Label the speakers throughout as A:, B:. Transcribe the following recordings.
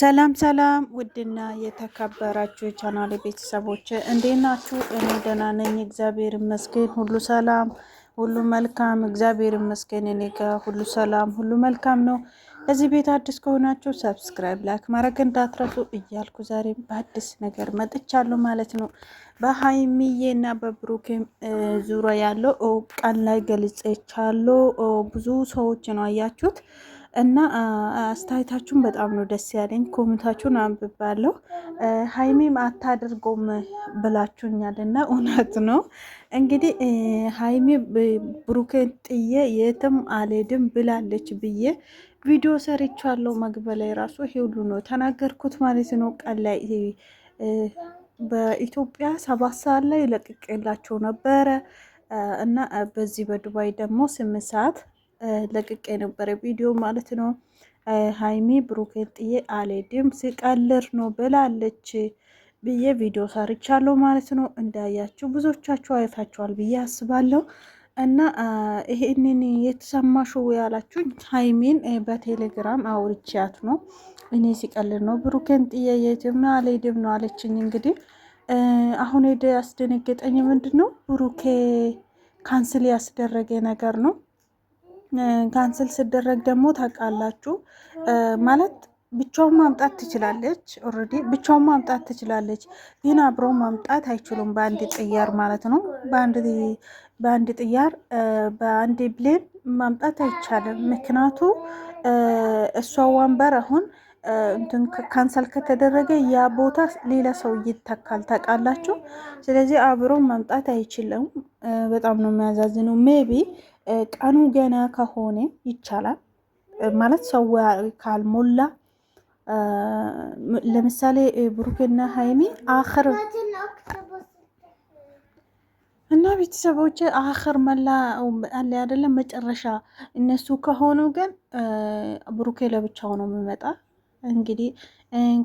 A: ሰላም ሰላም ውድና የተከበራችሁ የቻናል ቤተሰቦች እንዴት ናችሁ? እኔ ደህና ነኝ፣ እግዚአብሔር ይመስገን። ሁሉ ሰላም፣ ሁሉ መልካም፣ እግዚአብሔር ይመስገን። እኔ ጋር ሁሉ ሰላም፣ ሁሉ መልካም ነው። እዚህ ቤት አዲስ ከሆናችሁ ሰብስክራይብ፣ ላይክ ማድረግ እንዳትረሱ እያልኩ ዛሬም በአዲስ ነገር መጥቻለሁ ማለት ነው። በሀይሚዬ እና በብሩኬም ዙሪያ ያለው ቀን ላይ ገልጽቻለሁ። ብዙ ሰዎች ነው አያችሁት እና አስተያየታችሁን በጣም ነው ደስ ያለኝ። ኮሜንታችሁን አንብባለሁ። ሀይሜም አታድርጎም ብላችሁኛል እና እውነት ነው። እንግዲህ ሀይሜ ብሩኬን ጥዬ የትም አልሄድም ብላለች ብዬ ቪዲዮ ሰርቻለሁ። መግቢያ ላይ ራሱ ይሄ ሁሉ ነው ተናገርኩት ማለት ነው። ቃል ላይ በኢትዮጵያ ሰባት ሰዓት ላይ ለቅቄላቸው ነበረ እና በዚህ በዱባይ ደግሞ ስምንት ሰዓት ለቅቄ የነበረ ቪዲዮ ማለት ነው። ሀይሚ ብሩኬን ጥዬ አልሄድም ስቀልር ነው ብላለች ብዬ ቪዲዮ ሰርቻለሁ ማለት ነው። እንዳያችሁ ብዙዎቻችሁ አይታችኋል ብዬ አስባለሁ። እና ይህንን የተሰማሹ ያላችሁ ሀይሚን በቴሌግራም አውርቻት ነው። እኔ ሲቀልል ነው ብሩኬን ጥዬ የትም ነው አልሄድም ነው አለችኝ። እንግዲህ አሁን ሄደ ያስደነገጠኝ ምንድን ነው ብሩኬ ካንስል ያስደረገ ነገር ነው ካንስል ስደረግ ደግሞ ታውቃላችሁ ማለት ብቻውን ማምጣት ትችላለች። ኦልሬዲ ብቻውን ማምጣት ትችላለች፣ ግን አብሮ ማምጣት አይችሉም። በአንድ ጥያር ማለት ነው። በአንድ ጥያር በአንድ ብሌን ማምጣት አይቻልም። ምክንያቱ እሷ ወንበር አሁን እንትን ካንሰል ከተደረገ ያ ቦታ ሌላ ሰው ይተካል። ታውቃላችሁ። ስለዚህ አብሮ ማምጣት አይችልም። በጣም ነው የሚያዛዝነው ሜቢ ቀኑ ገና ከሆነ ይቻላል ማለት ሰው ካልሞላ ለምሳሌ ብሩክና ሀይሚ አክር እና ቤተሰቦች አክር መላ አለ አይደለም መጨረሻ እነሱ ከሆኑ ግን ብሩኬ ለብቻው ነው የሚመጣ። እንግዲህ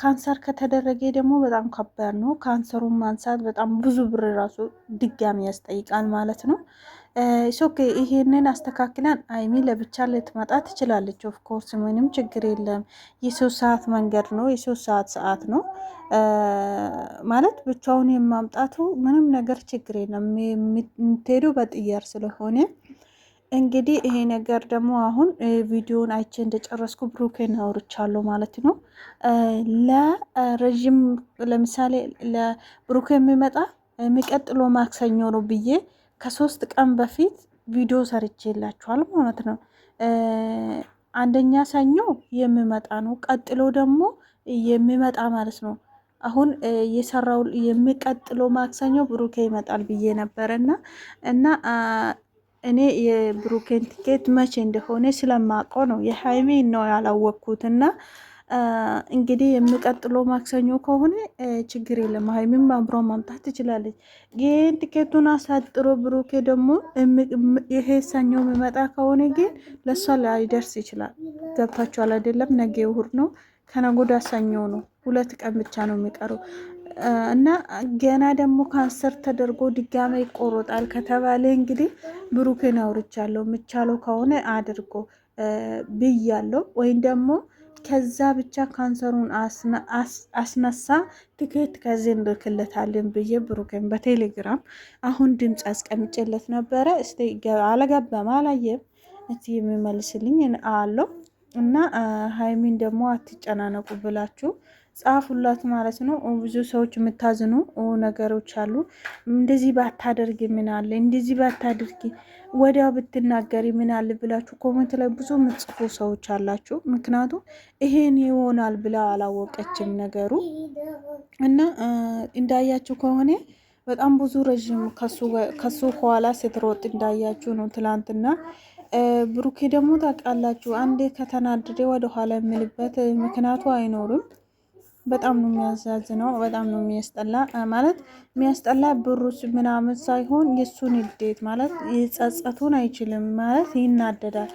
A: ካንሰር ከተደረገ ደግሞ በጣም ከባድ ነው። ካንሰሩን ማንሳት በጣም ብዙ ብር ራሱ ድጋሚ ያስጠይቃል ማለት ነው። ሾክ ይሄንን አስተካክለን አይሚ ለብቻ ልትመጣ ትችላለች። ኦፍኮርስ ምንም ችግር የለም። የሶስት ሰዓት መንገድ ነው፣ የሶስት ሰዓት ሰዓት ነው ማለት ብቻውን የማምጣቱ ምንም ነገር ችግር የለም። የምትሄዱ በጥያር ስለሆነ እንግዲህ ይሄ ነገር ደግሞ አሁን ቪዲዮን አይቼ እንደጨረስኩ ብሩኬን አውርቻለሁ ማለት ነው። ለረዥም ለምሳሌ ለብሩኬ የሚመጣ የሚቀጥለው ማክሰኞ ነው ብዬ ከሶስት ቀን በፊት ቪዲዮ ሰርቼ የላችኋል ማለት ነው። አንደኛ ሰኞ የሚመጣ ነው። ቀጥሎ ደግሞ የሚመጣ ማለት ነው። አሁን የሰራው የሚቀጥለው ማክሰኞ ብሩኬ ይመጣል ብዬ ነበረ እና እና እኔ የብሩኬን ቲኬት መቼ እንደሆነ ስለማውቀው ነው። የሃይሜ ነው ያላወቅኩትና እንግዲህ የሚቀጥለው ማክሰኞ ከሆነ ችግር የለም። ሀይሚም አብሮ ማምጣት ትችላለች። ግን ትኬቱን አሳጥሮ ብሩኬ ደግሞ ይሄ ሰኞ የሚመጣ ከሆነ ግን ለእሷ ላይደርስ ይችላል። ገብታችኋል አይደለም? ነገ እሑድ ነው፣ ከነገ ወዲያ ሰኞ ነው። ሁለት ቀን ብቻ ነው የሚቀረው እና ገና ደግሞ ካንሰር ተደርጎ ድጋሚ ይቆረጣል ከተባለ እንግዲህ ብሩኬን አውርቻለሁ፣ የምቻለው ከሆነ አድርጎ ብያለሁ ወይም ደግሞ ከዛ ብቻ ካንሰሩን አስነሳ ትኬት ከዚህ እንልክለታለን ብዬ ብሩኬን በቴሌግራም አሁን ድምፅ አስቀምጬለት ነበረ። እስቲ አለገባም አላየም እቲ የሚመልስልኝ አለው እና ሀይሚን ደግሞ አትጨናነቁ ብላችሁ ጻፉላት ማለት ነው። ብዙ ሰዎች የምታዝኑ ነገሮች አሉ። እንደዚህ ባታደርግ አለ፣ እንደዚህ ባታደርግ ወዲያው ብትናገሪ አለ ብላችሁ ኮመንት ላይ ብዙ የምትጽፉ ሰዎች አላችሁ። ምክንያቱም ይሄን ይሆናል ብላ አላወቀችም ነገሩ እና እንዳያችሁ ከሆነ በጣም ብዙ ረዥም ከሱ ከኋላ ስትሮጥ እንዳያችሁ ነው ትላንትና ብሩኬ ደግሞ ታውቃላችሁ፣ አንዴ ከተናደደ ወደ ኋላ የምልበት ምክንያቱ አይኖርም። በጣም ነው የሚያሳዝነው። በጣም ነው የሚያስጠላ። ማለት የሚያስጠላ ብሩስ ምናምን ሳይሆን የእሱን ንዴት ማለት የጸጸቱን አይችልም ማለት ይናደዳል።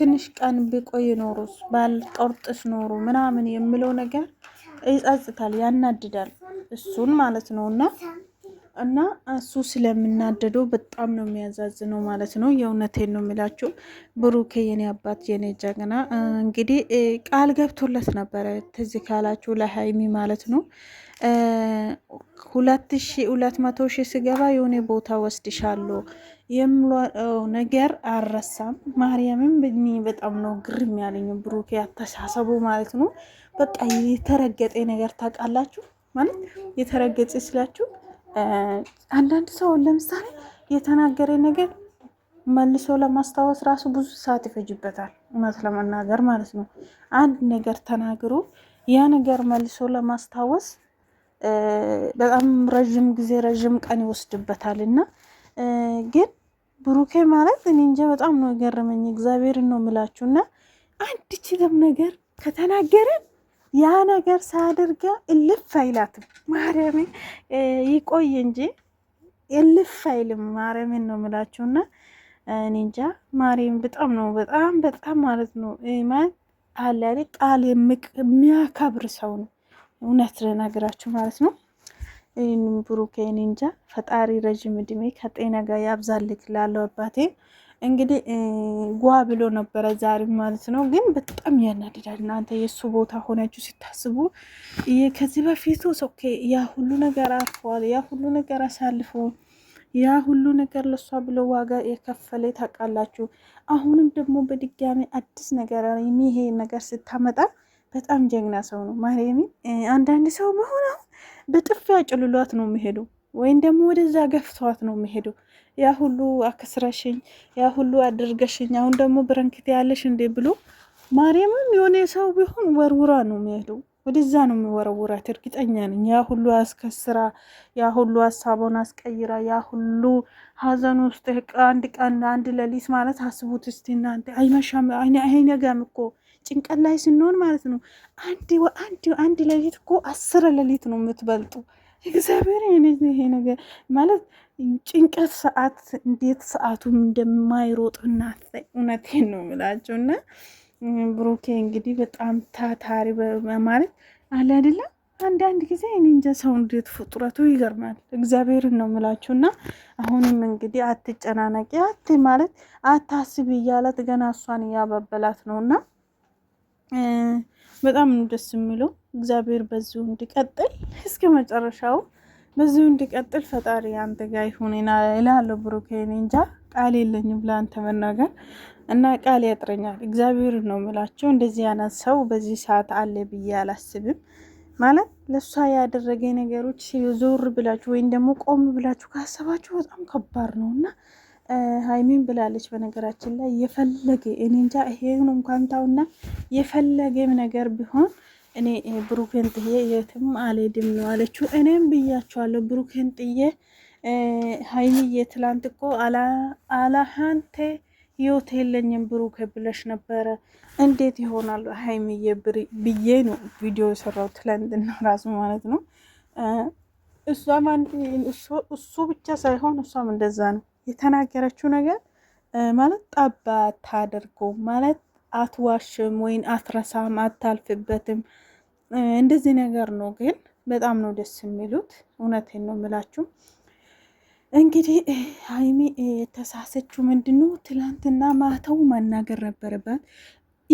A: ትንሽ ቀን ቢቆይ ኖሩስ ባልቆርጥስ ኖሩ ምናምን የሚለው ነገር ይጸጽታል፣ ያናድዳል እሱን ማለት ነው እና እና እሱ ስለምናደደው በጣም ነው የሚያዛዝነው ማለት ነው። የእውነቴን ነው የሚላችሁ ብሩኬ የኔ አባት የኔ ጀግና እንግዲህ ቃል ገብቶለት ነበረ ትዝ ካላችሁ ለሀይሚ ማለት ነው ሁለት ሺ ሁለት መቶ ሺ ስገባ የሆነ ቦታ ወስድሻለሁ የምለው ነገር አረሳም። ማርያምም ብኒ በጣም ነው ግርም ያለኝ ብሩኬ አተሳሰቡ ማለት ነው። በቃ የተረገጠ ነገር ታውቃላችሁ ማለት የተረገጠ ስላችሁ አንዳንድ ሰው ለምሳሌ የተናገረ ነገር መልሶ ለማስታወስ ራሱ ብዙ ሰዓት ይፈጅበታል። እውነት ለመናገር ማለት ነው። አንድ ነገር ተናግሮ ያ ነገር መልሶ ለማስታወስ በጣም ረዥም ጊዜ ረዥም ቀን ይወስድበታል እና ግን ብሩኬ ማለት እኔ እንጃ በጣም ነው የገረመኝ። እግዚአብሔርን ነው የምላችሁ እና አንድ ችልም ነገር ከተናገረን ያ ነገር ሳድርጋ እልፍ አይላትም። ማርያምን ይቆይ እንጂ እልፍ አይልም። ማርያምን ነው ምላችሁና እኔ እንጃ ማርያም በጣም ነው በጣም በጣም ማለት ነው ማለት አለ ቃል የሚያከብር ሰው ነው። እውነት ለነገራችሁ ማለት ነው። ብሩኬ እኔ እንጃ ፈጣሪ ረዥም እድሜ ከጤና ጋር ያብዛልክ ላለው አባቴ እንግዲህ ጓ ብሎ ነበረ ዛሬ ማለት ነው። ግን በጣም ያናድዳል። እናንተ የእሱ ቦታ ሆናችሁ ሲታስቡ ከዚህ በፊቱ ሶኬ ያ ሁሉ ነገር አልፏል። ያ ሁሉ ነገር አሳልፎ ያ ሁሉ ነገር ለሷ ብሎ ዋጋ የከፈለ ታውቃላችሁ። አሁንም ደግሞ በድጋሚ አዲስ ነገር ይሄ ነገር ስታመጣ በጣም ጀግና ሰው ነው። ማርያምን አንዳንድ ሰው መሆን በጥፊ ጭልሏት ነው የሚሄዱ ወይም ደግሞ ወደዛ ገፍተዋት ነው የሚሄደው። ያ ሁሉ አክስረሽኝ፣ ያ ሁሉ አድርገሽኝ፣ አሁን ደግሞ ብረንክት ያለሽ እንዴ ብሎ ማርያምም የሆነ ሰው ቢሆን ወርውራ ነው የሚሄደው። ወደዛ ነው የሚወረውራት። እርግጠኛ ነኝ። ያ ሁሉ አስከስራ፣ ያ ሁሉ ሀሳቧን አስቀይራ፣ ያ ሁሉ ሀዘን ውስጥ አንድ ቀን አንድ ለሊት ማለት አስቡት እስቲ እናንተ። አይመሻም፣ አይነጋም እኮ ጭንቀት ላይ ስንሆን ማለት ነው። አንድ አንድ አንድ ለሊት እኮ አስር ለሊት ነው የምትበልጡ። እግዚአብሔር ይሄ ነገር ማለት ጭንቀት ሰዓት እንዴት ሰዓቱም እንደማይሮጥ እናት እውነቴን ነው የምላቸው። እና ብሩኬ እንግዲህ በጣም ታታሪ ማለት አለ አይደለም። አንዳንድ ጊዜ እኔ እንጃ ሰው እንዴት ፍጡረቱ ይገርማል። እግዚአብሔርን ነው የምላችሁ። እና አሁንም እንግዲህ አትጨናነቂ፣ አት ማለት አታስቢ እያላት ገና እሷን እያባበላት ነው እና በጣም ነው ደስ የሚለው። እግዚአብሔር በዚሁ እንዲቀጥል እስከ መጨረሻው በዚሁ እንዲቀጥል ፈጣሪ አንተ ጋ ይሁን እላለሁ። ብሩኬን። እንጃ ቃል የለኝም ለአንተ መናገር እና ቃል ያጥረኛል። እግዚአብሔር ነው የምላቸው። እንደዚህ አይነት ሰው በዚህ ሰዓት አለ ብዬ አላስብም። ማለት ለእሷ ያደረገ ነገሮች ዞር ብላችሁ ወይም ደግሞ ቆም ብላችሁ ካሰባችሁ በጣም ከባድ ነው እና ሀይሚን ብላለች። በነገራችን ላይ የፈለገ እኔ እንጃ ይሄን እንኳን ታውና የፈለገም ነገር ቢሆን እኔ ብሩክን ጥዬ የትም አልሄድም ነው አለችው። እኔም ብያቸዋለሁ ብሩክን ጥዬ ሀይሚዬ፣ ትላንት እኮ አላሃንቴ ህይወት የለኝም ብሩክ ብለሽ ነበረ፣ እንዴት ይሆናሉ ሀይሚዬ ብዬ ነው ቪዲዮ የሰራው ትላንትና ራሱ ማለት ነው። እሷም እሱ ብቻ ሳይሆን እሷም እንደዛ ነው የተናገረችው ነገር ማለት ጣባ አታደርጎ ማለት አትዋሽም ወይን አትረሳም አታልፍበትም እንደዚህ ነገር ነው። ግን በጣም ነው ደስ የሚሉት። እውነቴን ነው የምላችሁ። እንግዲህ ሀይሚ የተሳሰችው ምንድን ነው? ትላንትና ማተው ማናገር ነበረባት።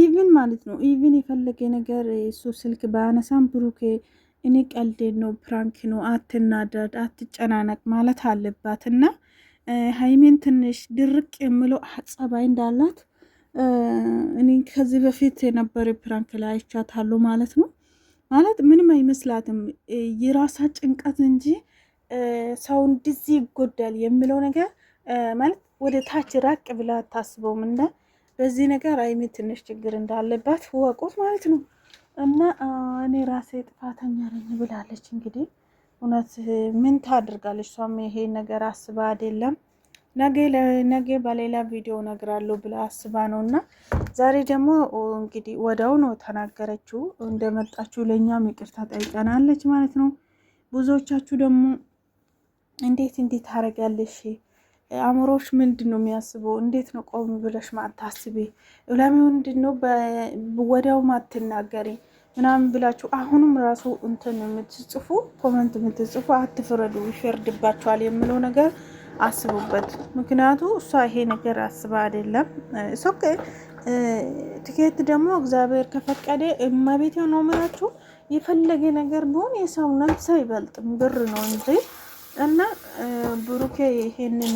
A: ኢቭን ማለት ነው ኢቭን የፈለገ ነገር እሱ ስልክ በአነሳም ብሩኬ እኔ ቀልዴ ነው ፕራንክ ነው አትናደድ፣ አትጨናነቅ ማለት አለባት እና ሀይሜን ትንሽ ድርቅ የምለው ጸባይ እንዳላት እኔ ከዚህ በፊት የነበረ ፕራንክ ላይ አይቻታለሁ ማለት ነው። ማለት ምንም አይመስላትም የራሳ ጭንቀት እንጂ ሰው እንደዚህ ይጎዳል የሚለው ነገር ማለት ወደ ታች ራቅ ብላ አታስበውም እና በዚህ ነገር አይሜ ትንሽ ችግር እንዳለባት ወቁት ማለት ነው። እና እኔ ራሴ ጥፋተኛ ነኝ ብላለች እንግዲህ እውነት ምን ታደርጋለች? እሷም ይሄ ነገር አስባ አይደለም ነገ በሌላ ቪዲዮ ነግራለሁ ብላ አስባ ነው። እና ዛሬ ደግሞ እንግዲህ ወደው ነው ተናገረችው። እንደመጣችሁ ለእኛም ይቅርታ ጠይቀናለች ማለት ነው። ብዙዎቻችሁ ደግሞ እንዴት እንዴት ታደርጋለሽ? አእምሮሽ ምንድን ነው የሚያስበው? እንዴት ነው ቆም ብለሽ ማታስቤ? ለምንድን ነው ወዲያው ማትናገሪ? ምናምን ብላችሁ አሁንም ራሱ እንትን የምትጽፉ ኮመንት የምትጽፉ አትፍረዱ፣ ይፈርድባችኋል የምለው ነገር አስቡበት። ምክንያቱ እሷ ይሄ ነገር አስባ አይደለም። ሶክ ትኬት ደግሞ እግዚአብሔር ከፈቀደ እመቤት ነው ምላችሁ የፈለገ ነገር ቢሆን የሰው ነፍስ አይበልጥም፣ ብር ነው እንጂ እና ብሩኬ ይሄንን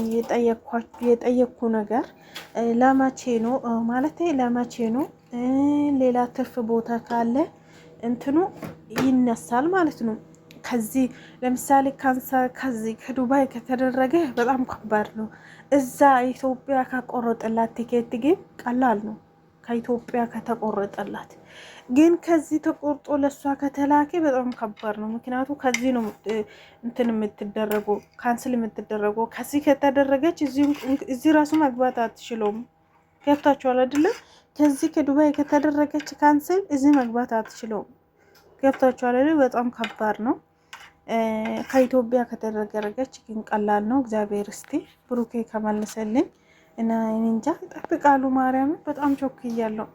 A: የጠየቅኩ ነገር ለመቼ ነው ማለት ለመቼ ነው ሌላ ትርፍ ቦታ ካለ እንትኑ ይነሳል ማለት ነው። ከዚህ ለምሳሌ ካንሰር ከዚህ ከዱባይ ከተደረገ በጣም ከባድ ነው። እዛ ኢትዮጵያ ካቆረጠላት ቲኬት ግን ቀላል ነው። ከኢትዮጵያ ከተቆረጠላት ግን ከዚህ ተቆርጦ ለእሷ ከተላከ በጣም ከባድ ነው። ምክንያቱ ከዚህ ነው እንትን የምትደረጉ ካንስል የምትደረጉ ከዚህ ከተደረገች እዚህ ራሱ መግባት አትችለውም። ገብታችኋል አይደለም? ከዚህ ከዱባይ ከተደረገች ካንስል እዚህ መግባት አትችለውም። ገብታችኋል አይደል? በጣም ከባድ ነው። ከኢትዮጵያ ከተደረገች ግን ቀላል ነው። እግዚአብሔር እስቲ ብሩኬ ከመለሰልኝ እና እንጃ ይጠብቃሉ። ማርያምን በጣም ቾክ እያለው